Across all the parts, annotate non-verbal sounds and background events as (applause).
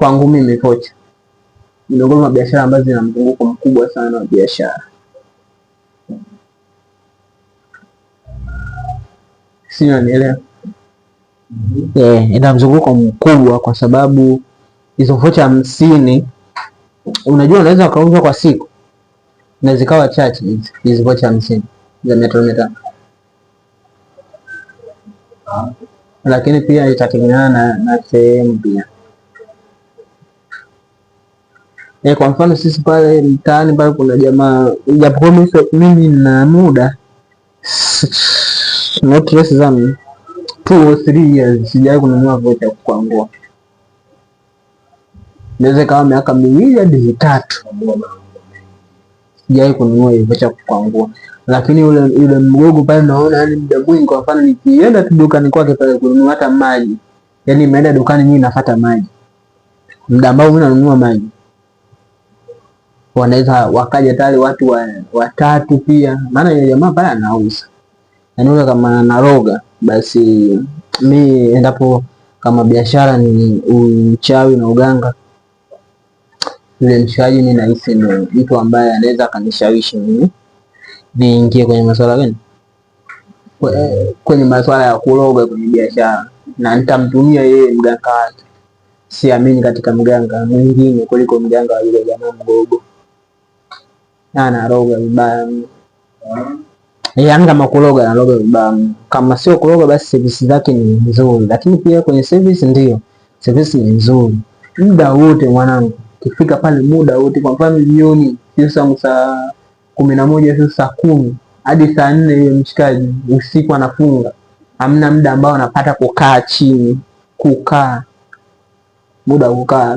kwangu mimi kocha, ni miongoni mwa biashara ambazo zina mzunguko mkubwa sana wa biashara. Si unanielewa? mm -hmm. Yeah, ina mzunguko mkubwa kwa sababu hizo vocha hamsini, unajua unaweza ukauzwa kwa siku na zikawa chache hizo vocha hamsini za mia tano mia tano lakini pia itategemeana na sehemu pia E, kwa mfano sisi pale mtaani pale kuna jamaa, japokuwa mimi na muda not less than two or three years sijawahi kununua vocha kwa nguo, naweza ikawa miaka miwili hadi mitatu sijawahi kununua hiyo vocha kwa nguo. lakini yule yule mgogo pale naona, yani muda mwingi, kwa mfano nikienda tu dukani kwake pale kununua hata maji, yani nimeenda dukani mimi nafuata maji, muda ambao mimi nanunua maji wanaweza wakaja tayari watu watatu wa pia, maana yule jamaa pale anauza anauza yaani kama naroga. Basi mi endapo kama biashara ni uchawi na uganga, yule mshikaji mi nahisi ni mtu ambaye anaweza akanishawishi mimi niingie kwenye masuala gani, kwenye masuala ya kuroga kwenye biashara, na nitamtumia yeye mganga wake. Siamini katika mganga mwingine kuliko mganga wa yule jamaa mgogo. Naroga vibaya mno, eh, yaani kama kuroga vibaya mno. Kama sio kuroga, basi service zake ni nzuri, lakini pia kwenye service ndio service ni nzuri muda wote mwanangu, kifika pale muda wote. Kwa mfano jioni, saa kumi na moja sio saa kumi hadi saa nne hiyo mshikaji, usiku anafunga. Hamna muda ambao anapata kukaa chini, kukaa muda kukaa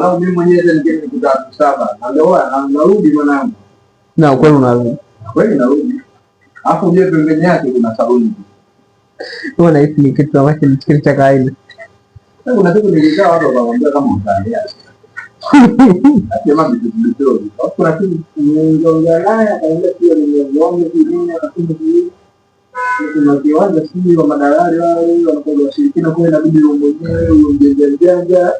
mwanangu, mimi mwenyewe hata nikienda nikutatu saba ndoa narudi mwanangu, na ukweli unarudi kweli, narudi alafu ujue pembeni yake kuna saluni. Huwa nahisi ni kitu ambacho ni kitu cha kawaida. Kuna siku nilikaa watu wakamwambia kama utaambia madalali wale wanakuwa washirikina, kwa inabidi mwenyewe ujanja janja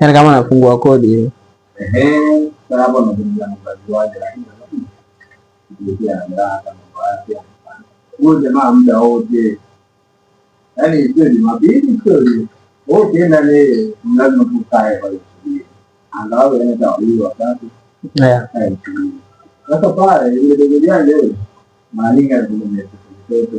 Yaani kama nafungua kodi jamaa muda wote, yaani sio Jumapili, sio wote enda leo, lazima tukae kwa Sasa pale ile ndugu yangu yule ndio mtoto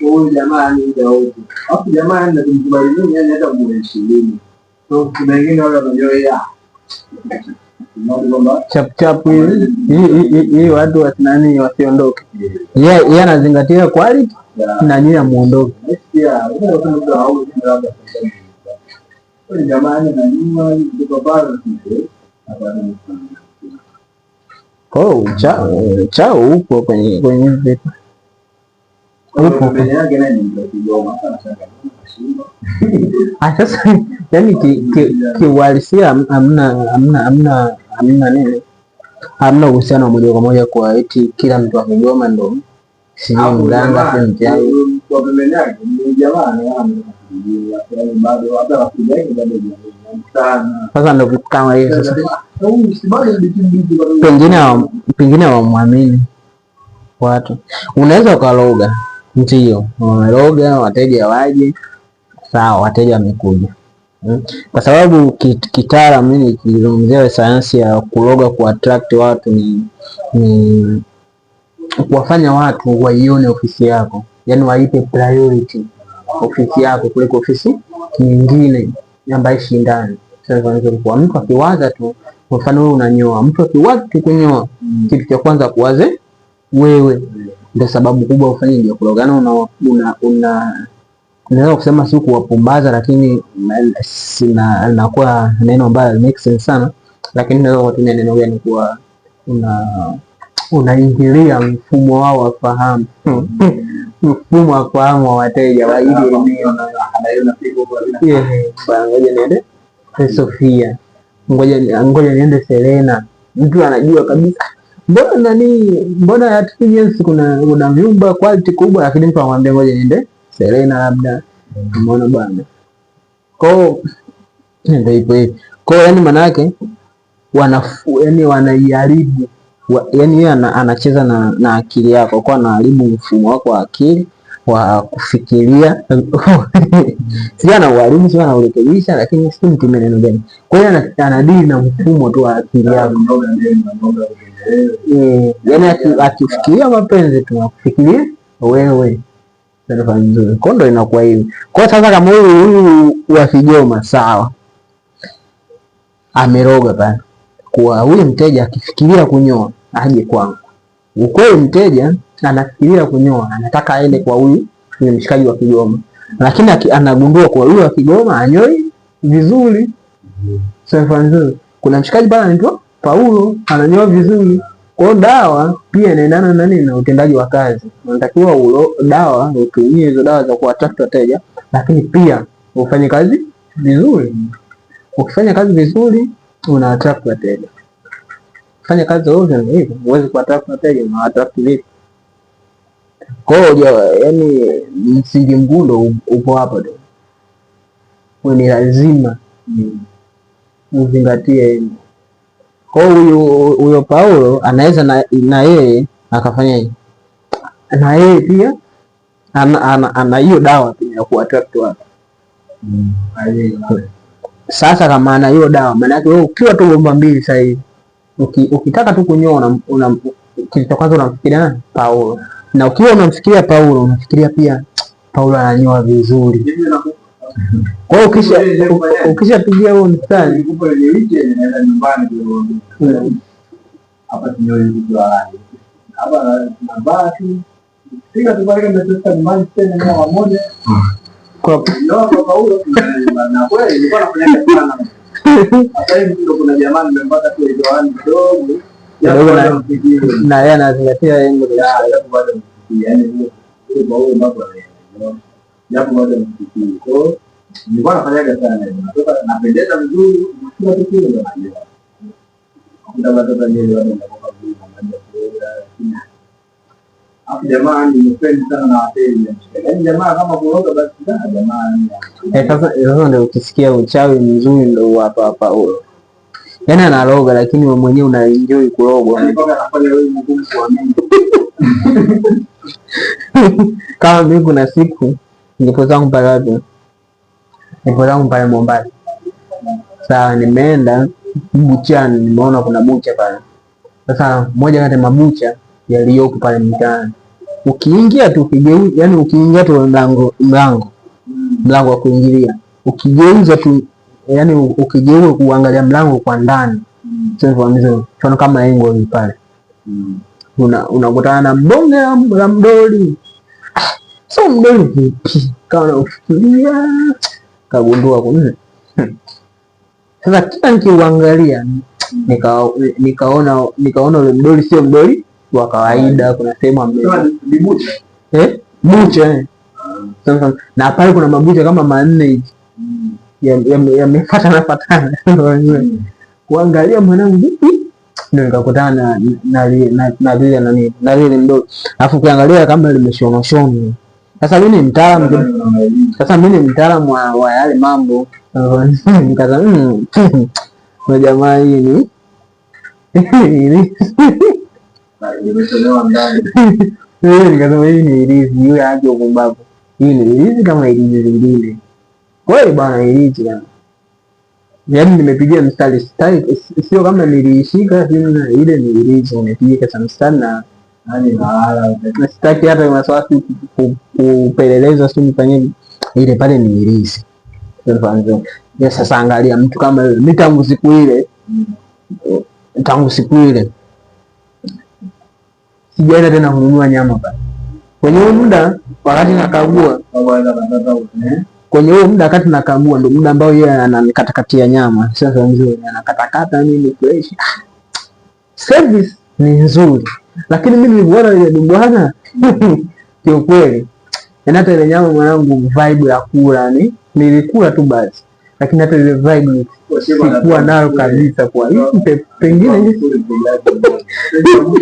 huyu jamaa ovyo, alafu jamaa mimi yani hata kumheshimu. So kuna wengine wale wanajua chap chap hii watu wasinani wasiondoke, yeye anazingatia quality na nyinyi amuondoke chao oh, huko kwenye vitu (laughs) Sasa yani kiuhalisia amna nini, amna uhusiano wa moja kwa moja kwa eti kila mtu akigoma ndo sijui mganga sasa ndo vitu kama hiyo. Sasa pengine hawamwamini watu, unaweza ukaloga nchi hiyo, wameroga wateja waje, sawa, wateja wamekuja mm. kwa sababu kitaalam mimi nikizungumzia sayansi ya kuroga ku attract watu ni, ni kuwafanya watu waione ofisi yako, yani waipe priority ofisi yako kuliko ofisi nyingine ambayo shindani. Mtu akiwaza tu, kwa mfano wewe unanyoa, mtu akiwaza tu kunyoa, kitu cha kwanza kuwaze wewe ndio sababu kubwa ufanye ndio kulogana. Yaani una, una, una naweza kusema si kuwapumbaza, lakini sina nakuwa neno ambalo make sense sana, lakini naweza kutumia neno gani kuwa una unaingilia mfumo wao wa fahamu (laughs) mfumo wa fahamu wa wateja wa hili Ngoja niende Sofia, ngoja niende Selena, mtu anajua kabisa mbona nani, mbona at Agency kuna kuna vyumba quality kubwa, lakini mtu amwambia ngoja niende Serena labda, umeona bwana. Kwa ndio ipo hii. Kwa yani maana yake wana yani wanaiharibu yani yeye ana, anacheza na, na akili yako kwa anaharibu mfumo wako wa akili wa kufikiria (laughs) sio na uharibu sio na urekebisha, lakini sio mtu neno gani. Kwa hiyo anadili na mfumo tu wa akili yako Eh, yani akifikiria mapenzi tu akufikiria wewe nzuri ko inakuwa hivi. Kwa sasa kama huyu huyu wa Kigoma sawa, ameroga bana, kwa huyu mteja akifikiria kunyoa aje kwangu. Ukweli mteja anafikiria kunyoa, anataka aende kwa huyu ni mshikaji wa Kigoma, lakini anagundua kwa huyu wa Kigoma anyoi vizuri. Sasa nzuri, kuna mshikaji bana anaitwa Paulo ananyoa vizuri. Kwa hiyo dawa pia inaendana na nini, na utendaji wa kazi. Unatakiwa ulo dawa utumie hizo dawa za kuattract wateja, lakini pia ufanye kazi vizuri. Ukifanya kazi vizuri, una attract wateja. Fanya kazi ovyo, ndio hivyo, huwezi ku wateja, na attract vipi? Kwa hiyo yani, msingi mgundo upo hapo, tu. Kwa ni lazima uzingatie. Kwa hiyo huyo Paulo anaweza na, na yeye akafanya na yeye pia ana hiyo dawa pia ya kuattract watu mm. Sasa kama ana hiyo dawa, maana yake wewe ukiwa tu bomba mbili sasa hivi ukitaka tu kunyoa kilicho kwanza unamfikiria Paulo, na ukiwa unamfikiria Paulo unafikiria pia Paulo ananyoa vizuri kwa hiyo ukisha ukishapigia huo mstari na yeye anazingatia japo moja nilikuwa nafanyaga sana, natoka napendeza vizuri najua jamaa sana na wateja yaani, jamaa kama basi jamaa. Eh, sasa eh, ukisikia uchawi mzuri ndo hapa hapa huyo yaani analoga lakini wewe mwenyewe unaenjoy kurogwa yaani (laughs) kama mimi kuna siku Ndipo zangu pale wapi? Ndipo zangu pale Mombasa. Sasa nimeenda buchani, nimeona kuna bucha pale. Sasa moja kati ya mabucha yaliyopo pale mtaani, ukiingia tu ukigeuza, yani ukiingia tu mlango mlango mlango wa kuingilia, ukigeuza tu, yani ukigeuza kuangalia mlango kwa ndani, sio kama engo pale, unakutana na mbonge la mdoli so mdoli vipi? Kawa naufikiria kagundua kumbe. Sasa kila nikiuangalia nikaona nikaona ule mdoli sio mdoli wa kawaida, kuna sehemu ambayo bucha eh. Sasa na pale kuna mabucha kama manne hivi yamefuatana fuatana kuangalia mwanangu ndio nikakutana na na na lile nani na lile mdoli, alafu ukiangalia kama limeshonashona sasa mimi ni mtaalamu sasa mimi ni mtaalamu wa, yale mambo (laughs) nikasema mmm, na (laughs) jamaa hii ni nikasema hii ni ilizi yule aje upumbavu. Hii ni ilizi kama ilizi zingine kweli bwana, ilizi kama yaani nimepigia mstari, sio kama niliishika ile, ni ilizi umepiga kama mstari na Yaani sitaki hata maswasi kupeleleza simu fanyeje, ile pale ni irisi. Sasa angalia mtu kama yule, mimi tangu siku ile tangu siku ile sijaenda tena kununua nyama pale. Kwenye huo muda wakati nakagua, kwenye huo muda wakati nakagua ndio muda ambao yeye ananikatakatia nyama. Sasa nzuri, anakatakata nini fresh. Ah, service ni nzuri lakini mimi nilivyoona ile bwana kiukweli, (laughs) na yaani hata ile nyama mwanangu, vibe ya kula ni yaani nilikula tu basi, lakini hata ile vibe sikuwa nayo kabisa. Kwa hiyo pengine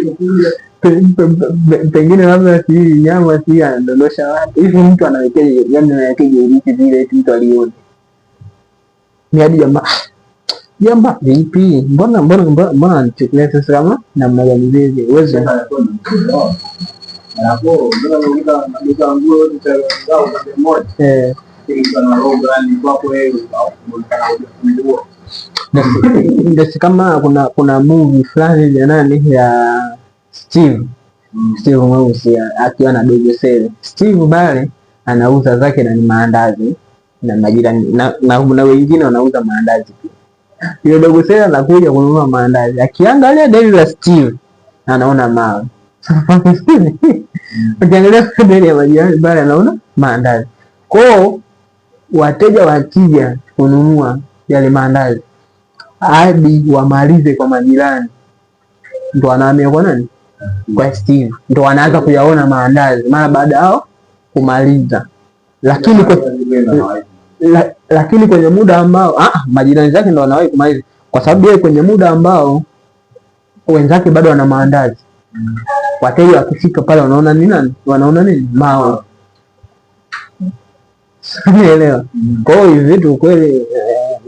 (laughs) pengine labda si nyama si anadondosha watu hivi, mtu anawekeje? Yani anawekeje Hivi vile, mtu aliona ni hadi jamaa Jamba vipi? Mbona mbona mbona anachukulia sana kama namna gani uweze eh. Ndasi kama kuna kuna movie fulani ya nani ya Steve Steve Mweusi akiwa na dogo sele. Steve bale anauza zake na ni maandazi na majirani na, na, na wengine wanauza maandazi pia. Yule dogo Sela anakuja kununua maandazi, akiangalia deli la Steve anaona mawe. (laughs) Akiangalia deli ya majirani bale anaona maandazi. Kwao wateja wakija kununua yale maandazi hadi wamalize kwa majirani, ndo anaamia kwa nani? Kwa Steve, ndo anaanza kuyaona maandazi mara baada yao kumaliza, lakini kwa la, lakini kwenye muda ambao ah, majirani zake ndo wanawahi kumaliza, kwa sababu yeye kwenye muda ambao wenzake bado wana maandazi mm. Wateja wakifika pale wanaona nini, wanaona nini mao Sielewa. mm. Kwa hiyo vitu kweli eh,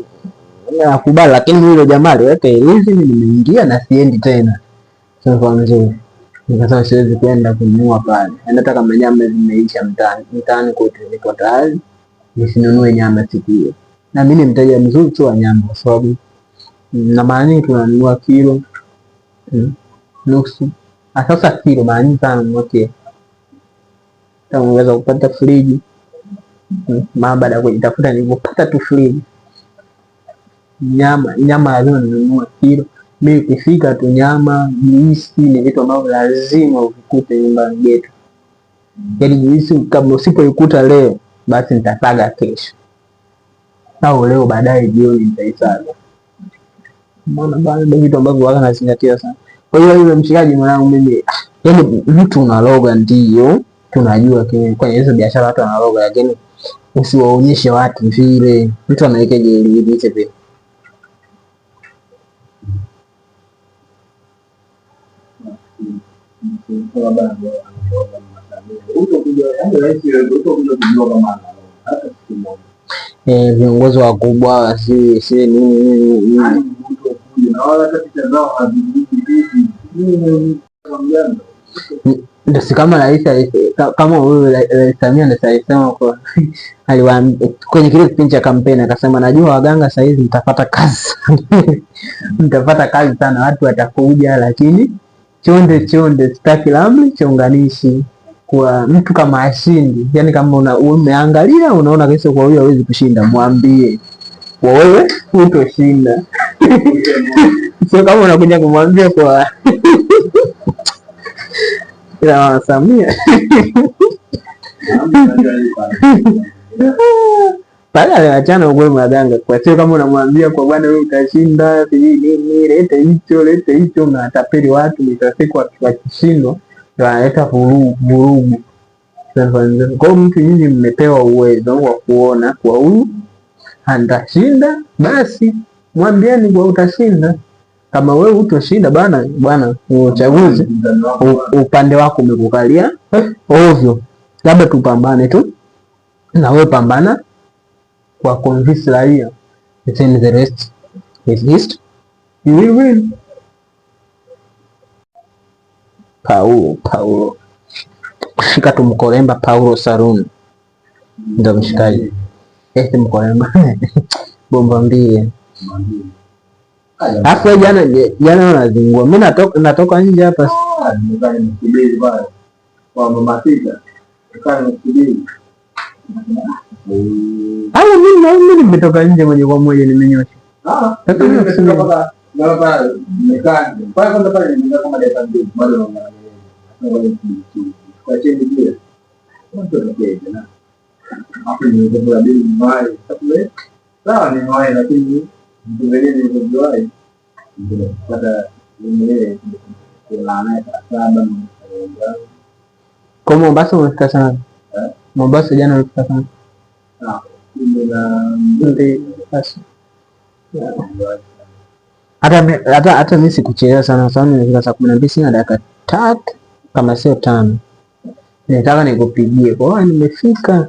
nakubali, lakini yule jamaa aliweka hizi, nimeingia na siendi tena. Sasa mzuri nikasema siwezi kwenda kununua pale, nataka kama nyama zimeisha mtaani, mtaani kote, niko tayari nisinunue nyama siku hiyo, na mimi ni mteja mzuri tu wa nyama, kwa sababu na mara nyingi tunanunua kilo mm, nusu. Sasa kilo mara nyingi sana mmoja unaweza kupata friji mm, mara baada ya kujitafuta nilipopata tu friji nyama nyama lazima ninunue kilo. mi kufika tu nyama, juisi ni vitu ambavyo lazima uvikute nyumbani getu, yaani juisi kama usipoikuta leo basi nitasaga kesho au leo baadaye jioni nitaisaga. Mbona bana, ndio vitu ambavyo wala nazingatia sana. Kwa hiyo yule mshikaji mwanangu mimi, ah, yani mtu unaloga ndio tunajua kwenye hizo biashara watu wanaloga, lakini usiwaonyeshe watu vile mtu anaweka jeli vile viongozi wakubwa si si nini nini si kama rais kama huyu Rais Samia ndo alisema (laughs) kwenye kile kipindi cha kampeni, akasema najua waganga sahizi mtapata kazi (laughs) mtapata kazi sana, watu watakuja, lakini chonde chonde, sitaki ramli chonganishi kwa mtu kama ashindi, yani kama umeangalia unaona kabisa kwa huyo hawezi kushinda, mwambie kwa wewe utoshinda (laughs) Sio kama unakuja kumwambia kwa (laughs) ila Samia (laughs) pale aliwachana ugwe maganga kwa sio kama unamwambia kwa bwana wewe utashinda, sijui nini, lete hicho lete hicho, na atapeli watu, mwisho wa kishindo wanaleta vurugu. Kwa mtu, nyinyi mmepewa uwezo wa kuona kwa huyu atashinda, basi mwambieni kwa utashinda. Kama wewe utoshinda bana bwana, uchaguzi upande wako umekukalia ovyo, labda tupambane tu na wewe, pambana kwa convince raia, the rest is history, you will win. Paulo Paulo, shika tumkolemba Paulo Saruni ndo mshikaji eti eh, mkolemba (laughs) bomba mbie afu jana jana wanazingua, mi natoka natoka nje hapa au mimi nimetoka nje moja kwa moja nimenyosha ah, Bapak, mereka, kan pendapat ini mereka kemudian di baru orang orang itu, kajian itu ya, untuk apa itu na? Apa ini untuk berani mulai, tapi lah ini mulai nanti ini untuk berani untuk mulai, pada ini kelana kerasan Kau mau bahas atau Mau bahas aja nanti kerasan. Nah, ini nanti pas. Ya. hata hata mimi sikuchelewa sana sana, nilifika saa kumi na mbili na dakika tatu kama sio tano, nilitaka nikupigie kwa nimefika.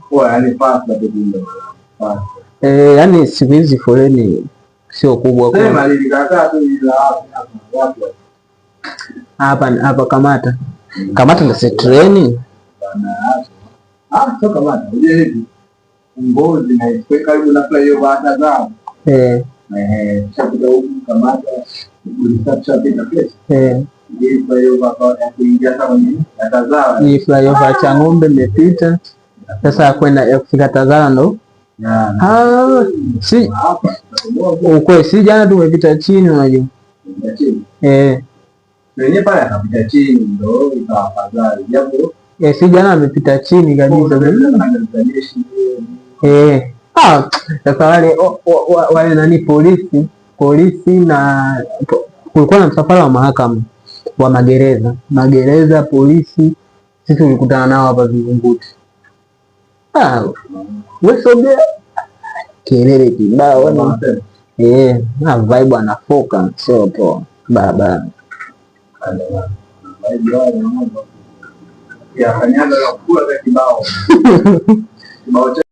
Eh, yani siku hizi foleni sio kubwa hapa hapa. Kamata kamata ndio treni ah, eh, eh kukamata kulisafisha pesa eh. flyover cha ng'ombe imepita sasa akwenda kwenda kufika Tazara ndo si ukwe si jana tumepita chini, unajua eh. eh, si jana amepita chini kabisa sasa wale wale nani polisi polisi na kulikuwa na msafara wa mahakama wa magereza, magereza, polisi. Sisi tulikutana nao hapa Vingunguti. Ah, wewe kelele kibao bwana. Eh, na vibe anafoka sio poa baba. Ya kanyaga Kibao (laughs)